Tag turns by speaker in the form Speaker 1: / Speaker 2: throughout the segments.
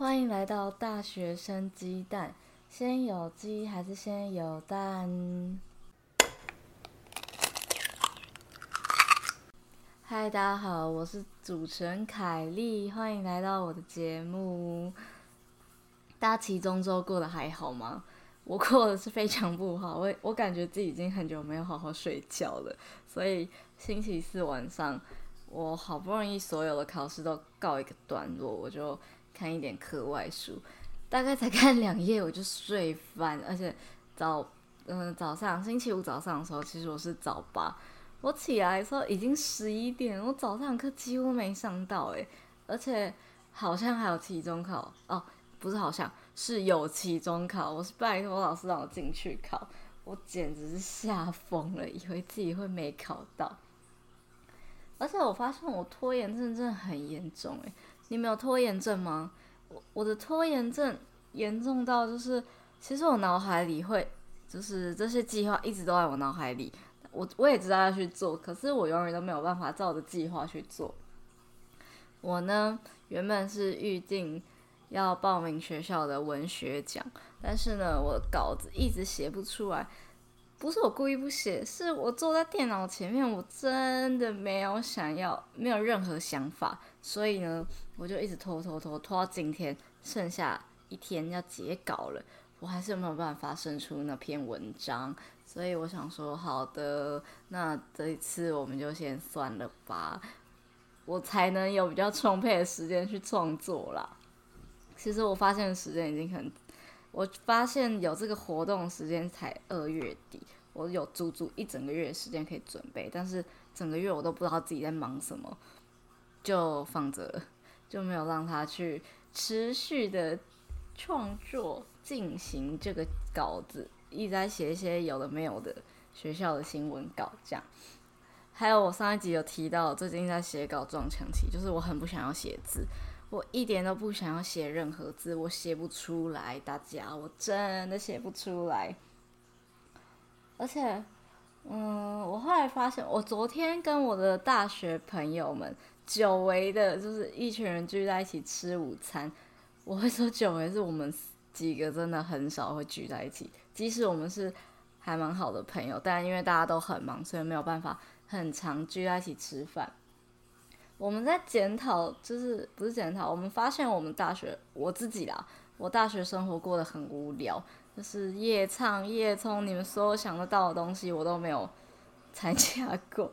Speaker 1: 歡迎來到大學生雞蛋，先有雞還是先有蛋？嗨，大家好，我是主持人凱麗。歡迎來到我的節目。大家期中周過得還好嗎？我過得是非常不好，我我感覺自己已經很久沒有好好睡覺了，所以星期四晚上，我好不容易所有的考試都告一個段落，我就看一點課外書，大概才看兩頁我就睡翻，而且早嗯早上星期五早上的時候，其實我是早八，我起來的時候已經十一點，我早上課幾乎沒上到、欸，誒，而且好像還有期中考哦，不是好像是有期中考，我是拜託老師讓我進去考，我簡直是嚇瘋了，以為自己會沒考到，而且我發現我拖延症真的很嚴重、欸，誒。你沒有拖延症嗎？我我的拖延症嚴重到就是，其實我腦海裡會就是這些計劃一直都在我腦海裡，我我也知道要去做，可是我永遠都沒有辦法照着計劃去做。我呢，原本是預定要報名學校的文學獎，但是呢，我稿子一直寫不出來。不是我故意不寫，是我坐在電腦前面，我真的沒有想要，沒有任何想法，所以呢，我就一直拖拖拖拖，到今天，剩下一天要截稿了，我還是有沒有辦法發生出那篇文章，所以我想說，好的，那這一次我們就先算了吧，我才能有比較充沛的時間去創作啦。其實我發現時間已經很，我發現有這個活動時間才二月底。我有足足一整個月的時間可以準備，但是整個月我都不知道自己在忙什麼，就放着，就沒有讓他去持續的創作進行這個稿子，一直在寫一些有的沒有的學校的新聞稿這樣。還有我上一集有提到，最近在寫稿撞牆期，就是我很不想要寫字，我一點都不想要寫任何字，我寫不出來，大家，我真的寫不出來。而且，嗯，我後來發現，我昨天跟我的大學朋友們久違的，就是一群人聚在一起吃午餐。我會說久違，是我們幾個真的很少會聚在一起，即使我們是還蠻好的朋友，但因為大家都很忙，所以沒有辦法很常聚在一起吃飯。我們在檢討，就是不是檢討，我們發現我們大學，我自己啦，我大學生活過得很無聊。就是夜唱、夜沖，你們所有想得到的東西，我都沒有參加過，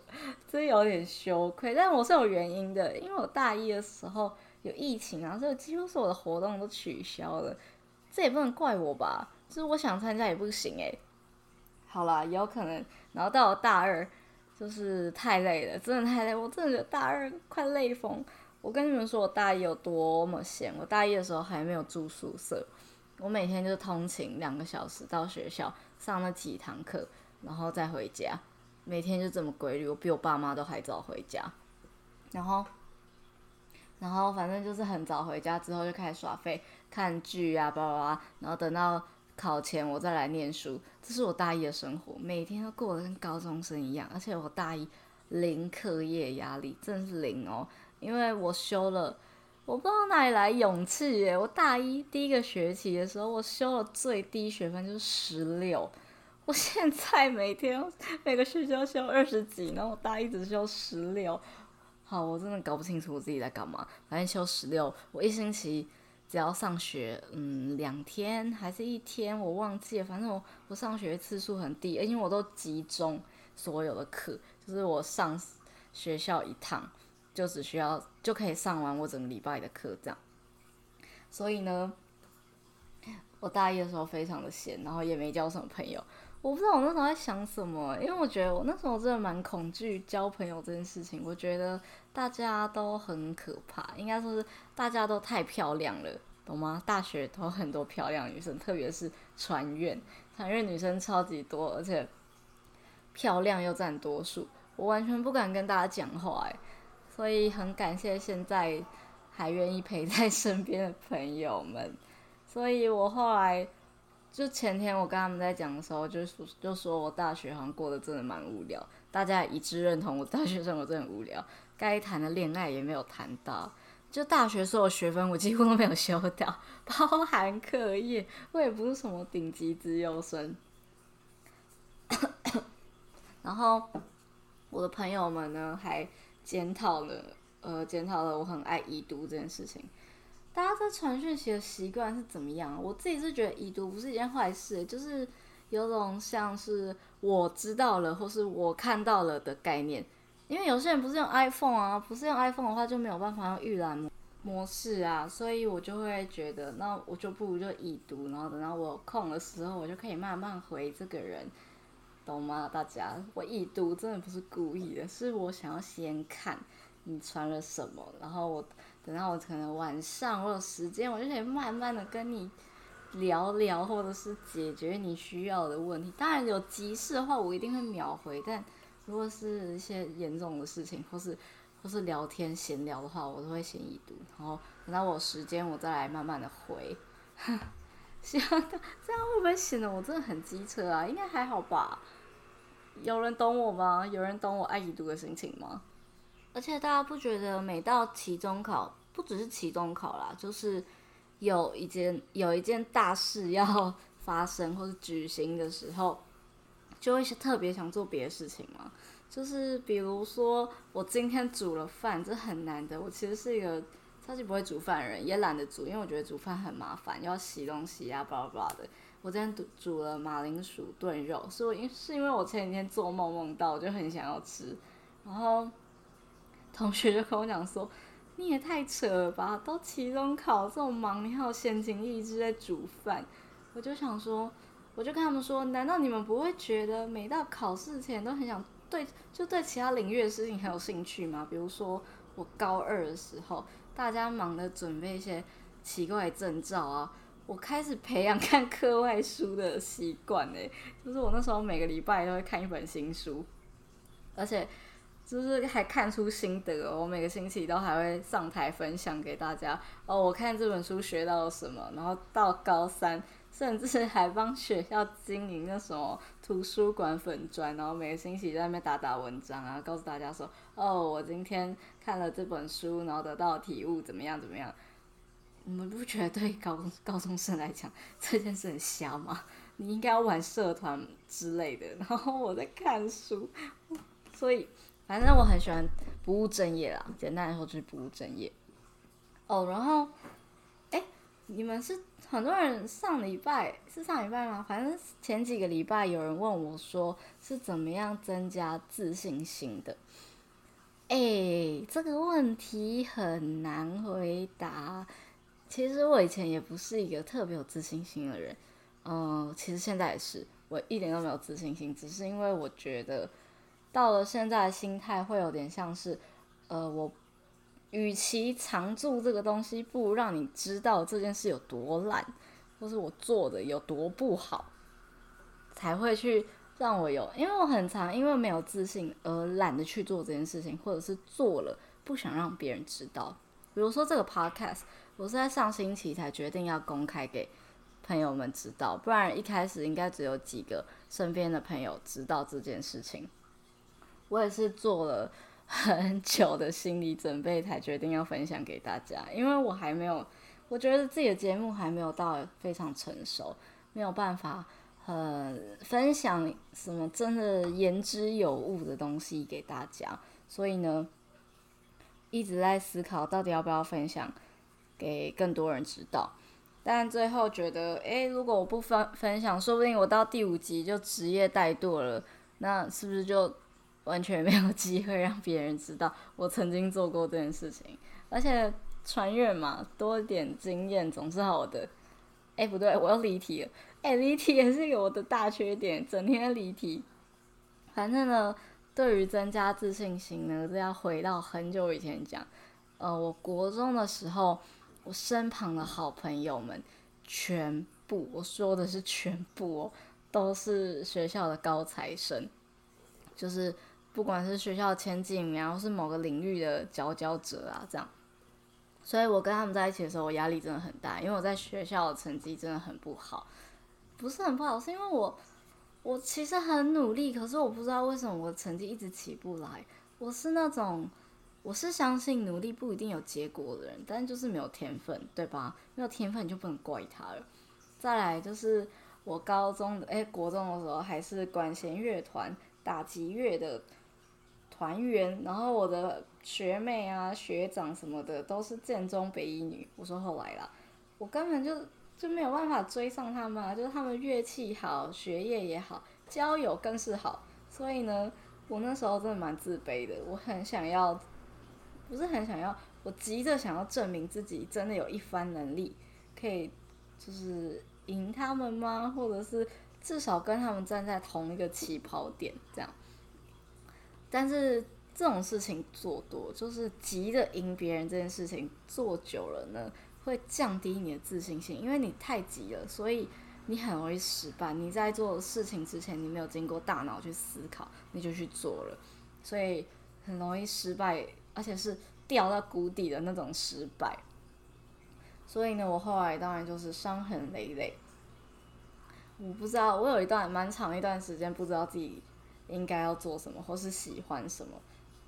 Speaker 1: 真有點羞愧。但是我是有原因的，因為我大一的時候有疫情啊，所以幾乎所有的活動都取消了。這也不能怪我吧？就是我想參加也不行誒、欸。好啦，也有可能。然後到了大二，就是太累了，真的太累，我真的覺得大二快累瘋。我跟你們說，我大一有多麼閒，我大一的時候還沒有住宿舍。我每天就通勤兩個小時到學校上了幾堂課，然後再回家，每天就這麼規律。我比我爸媽都還早回家，然後，然後反正就是很早回家之後就開始耍廢、看劇啊，叭叭叭。然後等到考前我再來念書，這是我大一的生活，每天都過得跟高中生一樣。而且我大一零課業壓力，真是零哦，因為我修了。我不知道哪裡來勇氣耶、欸！我大一第一個學期的時候，我修了最低學分就是十六，我現在每天每個學期要修二十幾，然後我大一只修十六，好，我真的搞不清楚我自己在幹嘛。反正修十六，我一星期只要上學，嗯，兩天還是一天，我忘記了，反正我我上學次數很低、欸，因為我都集中所有的課，就是我上學校一趟。就只需要，就可以上完我整個禮拜的課，這樣。所以呢，我大一的時候非常的閒，然後也沒交什麼朋友。我不知道我那時候在想什麼，欸，因為我覺得我那時候真的蠻恐懼交朋友這件事情。我覺得大家都很可怕，應該說是大家都太漂亮了，懂嗎？大學都很多漂亮女生，特別是傳院，傳院女生超級多，而且漂亮又占多數，我完全不敢跟大家講話，欸。所以很感謝現在還願意陪在身邊的朋友們。所以我後來就前天我跟他們在講的時候就，就是就說我大學好像過得真的蠻無聊，大家一致認同我大學生活真的無聊。該談的戀愛也沒有談到，就大學所有學分我幾乎都沒有修掉，包含課業，我也不是什麼頂級資優生。 然後我的朋友們呢還。檢討了，呃，檢討了，我很愛已讀這件事情。大家在傳訊息的習慣是怎麼樣？我自己是覺得已讀不是一件壞事，就是有種像是我知道了或是我看到了的概念。因為有些人不是用 iPhone 啊，不是用 iPhone 的話就沒有辦法用預覽模式啊，所以我就會覺得，那我就不如就已讀，然後等到我空的時候，我就可以慢慢回這個人。懂嗎？大家，我已讀真的不是故意的，是我想要先看你傳了什麼，然後我等到我可能晚上我有時間，我就可以慢慢的跟你聊聊，或者是解決你需要的問題。當然有急事的話，我一定會秒回。但如果是一些嚴重的事情，或是或是聊天閒聊的話，我都會先已讀，然後等到我有時間我再來慢慢的回。呵，希望這樣會不會顯得我真的很機車啊？應該還好吧。有人懂我嗎？有人懂我愛已讀的心情嗎？而且大家不覺得每到期中考，不只是期中考啦，就是有一件有一件大事要發生或者舉行的時候，就會特別想做別的事情嗎？就是比如說我今天煮了飯，這很難的。我其實是一個超級不會煮飯的人，也懶得煮，因為我覺得煮飯很麻煩，要洗東西啊，巴拉巴拉的。我今天煮了馬鈴薯燉肉，是我是因為我前幾天做夢夢到，我就很想要吃。然後同學就跟我講說：“你也太扯了吧！都期中考這麼忙，你還有閒情逸致在煮飯？”我就想說，我就跟他們說：“難道你們不會覺得每到考試前都很想對，就對其他領域的事情很有興趣嗎？比如說我高二的時候，大家忙着準備一些奇怪證照啊。”我開始培養看課外書的習慣誒，就是我那時候每個禮拜都會看一本新書，而且就是還看出心得，我每個星期都還會上台分享給大家哦，我看這本書學到了什麼，然後到高三甚至還幫學校經營那什麼圖書館粉專，然後每個星期在那邊打打文章啊，告訴大家說哦，我今天看了這本書，然後得到的體悟怎麼樣怎麼樣。你們不覺得對高高中生來講這件事很瞎嗎？你應該玩社團之類的。然後我在看書，所以反正我很喜歡不務正業啦。簡單來說就是不務正業。哦，然後哎、欸，你們是很多人上禮拜是上禮拜嗎？反正前幾個禮拜有人問我說是怎麼樣增加自信心的。哎、欸，這個問題很難回答。其實我以前也不是一個特別有自信心的人，嗯、呃，其實現在也是，我一點都沒有自信心，只是因為我覺得到了現在的心態會有點像是，呃，我與其藏住這個東西，不如讓你知道這件事有多爛，或是我做的有多不好，才會去讓我有，因為我很常因為沒有自信而懶得去做這件事情，或者是做了不想讓別人知道。比如說這個 podcast。我是在上星期才決定要公開給朋友們知道，不然一開始應該只有幾個身邊的朋友知道這件事情。我也是做了很久的心理準備，才決定要分享給大家，因為我還沒有，我覺得自己的節目還沒有到非常成熟，沒有辦法很分享什麼真的言之有物的東西給大家，所以呢，一直在思考到底要不要分享。給更多人知道，但最後覺得，誒，如果我不分分享，說不定我到第五集就職業怠惰了，那是不是就完全沒有機會讓別人知道我曾經做過這件事情？而且穿越嘛，多一點經驗總是好的。誒，不對，我要離題了。哎，離題也是有我的大缺點，整天離題。反正呢，對於增加自信心呢，這要回到很久以前講，呃，我國中的時候。我身旁的好朋友們，全部我說的是全部哦，喔，都是學校的高材生，就是不管是學校的前幾名，然後是某個領域的佼佼者啊，這樣。所以我跟他們在一起的時候，我壓力真的很大，因為我在學校的成績真的很不好，不是很不好，是因為我我其實很努力，可是我不知道為什麼我的成績一直起不來，我是那種。我是相信，努力不一定有結果的人，但是就是沒有天分，對吧？沒有天分你就不能怪他了。再來就是我高中的哎，國中的時候還是管絃樂團打擊樂的團員，然後我的學妹啊、學長什麼的都是建中北一女。我說後來啦，我根本就就沒有辦法追上他們，啊，就是他們樂器好，學業也好，交友更是好。所以呢，我那時候真的蠻自卑的，我很想要。不是很想要，我急着想要證明自己真的有一番能力，可以就是贏他們嗎？或者是至少跟他們站在同一個起跑點這樣。但是這種事情做多，就是急着贏別人這件事情做久了呢，會降低你的自信心，因為你太急了，所以你很容易失敗。你在做事情之前，你沒有經過大腦去思考，你就去做了，所以很容易失敗。而且是掉到谷底的那種失敗，所以呢，我後來當然就是傷痕累累。我不知道，我有一段蠻長一段時間不知道自己應該要做什麼，或是喜歡什麼。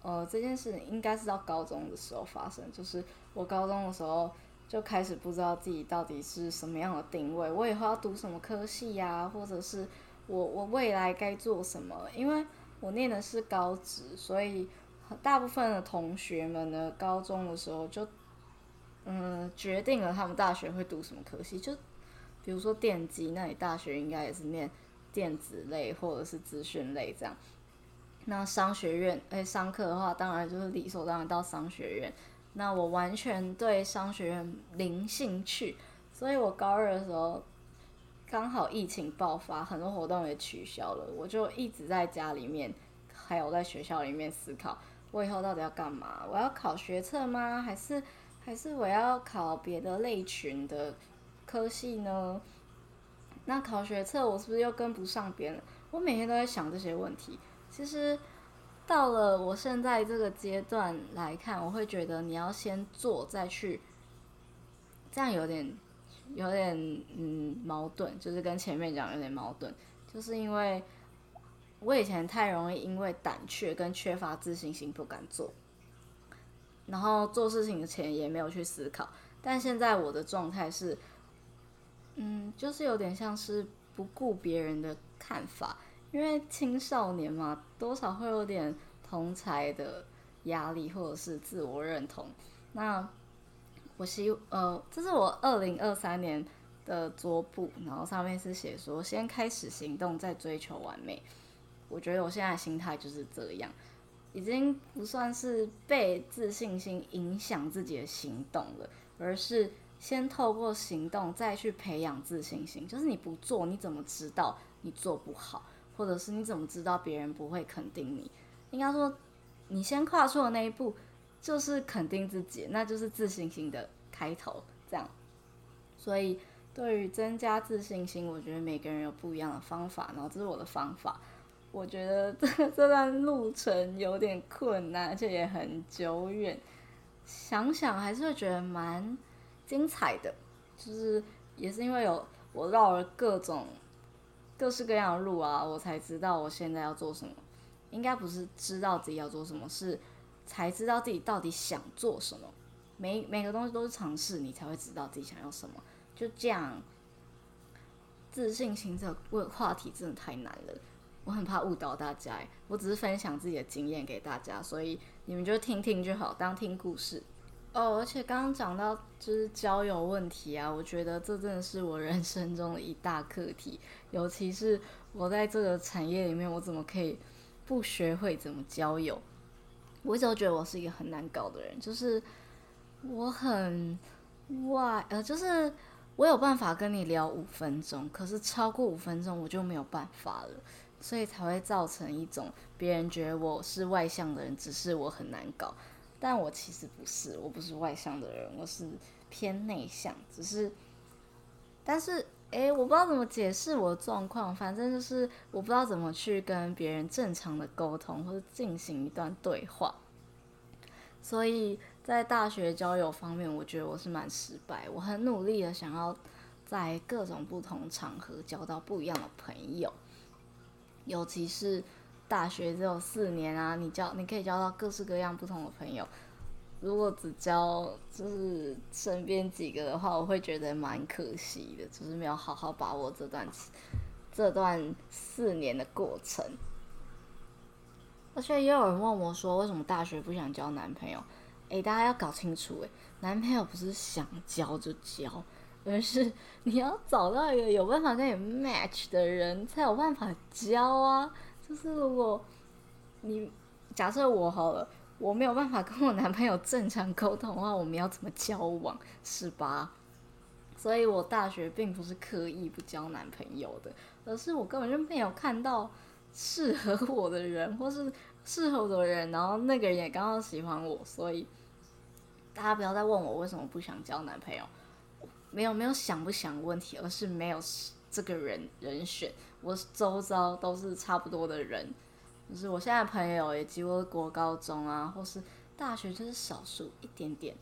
Speaker 1: 呃，這件事情應該是到高中的時候發生，就是我高中的時候就開始不知道自己到底是什麼樣的定位，我以後要讀什麼科系呀，啊，或者是我我未來該做什麼？因為我念的是高職，所以。大部分的同學們呢，高中的時候就，嗯，決定了他們大學會讀什麼科系，就比如說電機，那你大學應該也是念電子類或者是資訊類這樣。那商學院，哎、欸，商科的話，當然就是理所當然到商學院。那我完全對商學院零興趣，所以我高二的時候剛好疫情爆發，很多活動也取消了，我就一直在家裡面，還有在學校裡面思考。我以後到底要幹嘛？我要考學測嗎？還是還是我要考別的類群的科系呢？那考學測我是不是又跟不上別人？我每天都在想這些問題。其實到了我現在這個階段來看，我會覺得你要先做再去，這樣有點有點嗯矛盾，就是跟前面講有點矛盾，就是因為。我以前太容易因為膽怯跟缺乏自信心不敢做，然後做事情之前也沒有去思考。但現在我的狀態是，嗯，就是有點像是不顧別人的看法，因為青少年嘛，多少會有點同儕的壓力或者是自我認同。那我希呃，這是我二零二三年的桌布，然後上面是寫說：“先開始行動，再追求完美。”我覺得我現在的心態就是這樣，已經不算是被自信心影響自己的行動了，而是先透過行動再去培養自信心。就是你不做，你怎麼知道你做不好？或者是你怎麼知道別人不會肯定你？應該說，你先跨出的那一步就是肯定自己，那就是自信心的開頭。這樣，所以對於增加自信心，我覺得每個人有不一樣的方法，然後這是我的方法。我覺得這這段路程有點困難，而且也很久遠。想想還是會覺得蠻精彩的，就是也是因為有我繞了各種各式各樣的路啊，我才知道我現在要做什麼。應該不是知道自己要做什麼，是才知道自己到底想做什麼。每每個東西都是嘗試，你才會知道自己想要什麼。就這樣，自信心這個話題真的太難了。我很怕誤導大家，我只是分享自己的經驗給大家，所以你們就聽聽就好，當聽故事哦。而且剛剛講到就是交友問題啊，我覺得這真的是我人生中的一大課題，尤其是我在這個產業裡面，我怎麼可以不學會怎麼交友？我一直都覺得我是一個很難搞的人，就是我很哇呃，就是，我有辦法跟你聊五分鐘，可是超過五分鐘我就沒有辦法了。所以才會造成一種別人覺得我是外向的人，只是我很難搞。但我其實不是，我不是外向的人，我是偏內向。只是，但是，誒，我不知道怎麼解釋我的狀況。反正就是我不知道怎麼去跟別人正常的溝通，或者進行一段對話。所以在大學交友方面，我覺得我是蠻失敗。我很努力的想要在各種不同場合交到不一樣的朋友。尤其是大學只有四年啊，你交，你可以交到各式各樣不同的朋友。如果只交就是身邊幾個的話，我會覺得蠻可惜的，就是沒有好好把握這段，這段四年的過程。而且也有人問我說，為什麼大學不想交男朋友？誒，大家要搞清楚，誒，男朋友不是想交就交，而是你要找到一個有辦法跟你 match 的人，才有辦法交啊。就是如果你假設我好了，我沒有辦法跟我男朋友正常溝通的話，我們要怎麼交往是吧？所以，我大學並不是刻意不交男朋友的，而是我根本就沒有看到適合我的人，或是適合的人，然後那個人也剛好喜歡我，所以大家不要再問我為什麼不想交男朋友。沒有沒有想不想問題，而是沒有這個人人選。我周遭都是差不多的人，就是我現在的朋友也幾乎國高中啊，或是大學，就是少數一點點，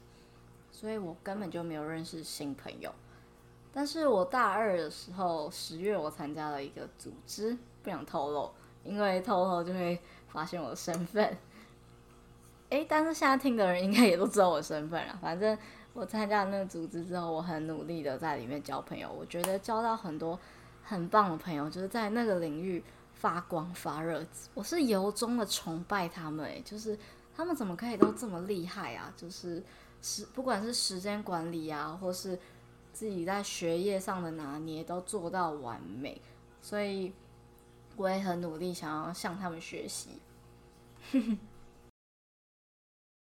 Speaker 1: 所以我根本就沒有認識新朋友。但是我大二的時候，十月我參加了一個組織，不想透露，因為透露就會發現我的身份。誒，但是現在聽的人應該也都知道我的身份了，反正。我參加那個組織之後，我很努力的在裡面交朋友。我覺得交到很多很棒的朋友，就是在那個領域發光發熱。我是由衷的崇拜他們，欸，就是他們怎麼可以都這麼厲害啊？就是時不管是時間管理啊，或是自己在學業上的拿捏，都做到完美。所以我也很努力，想要向他們學習。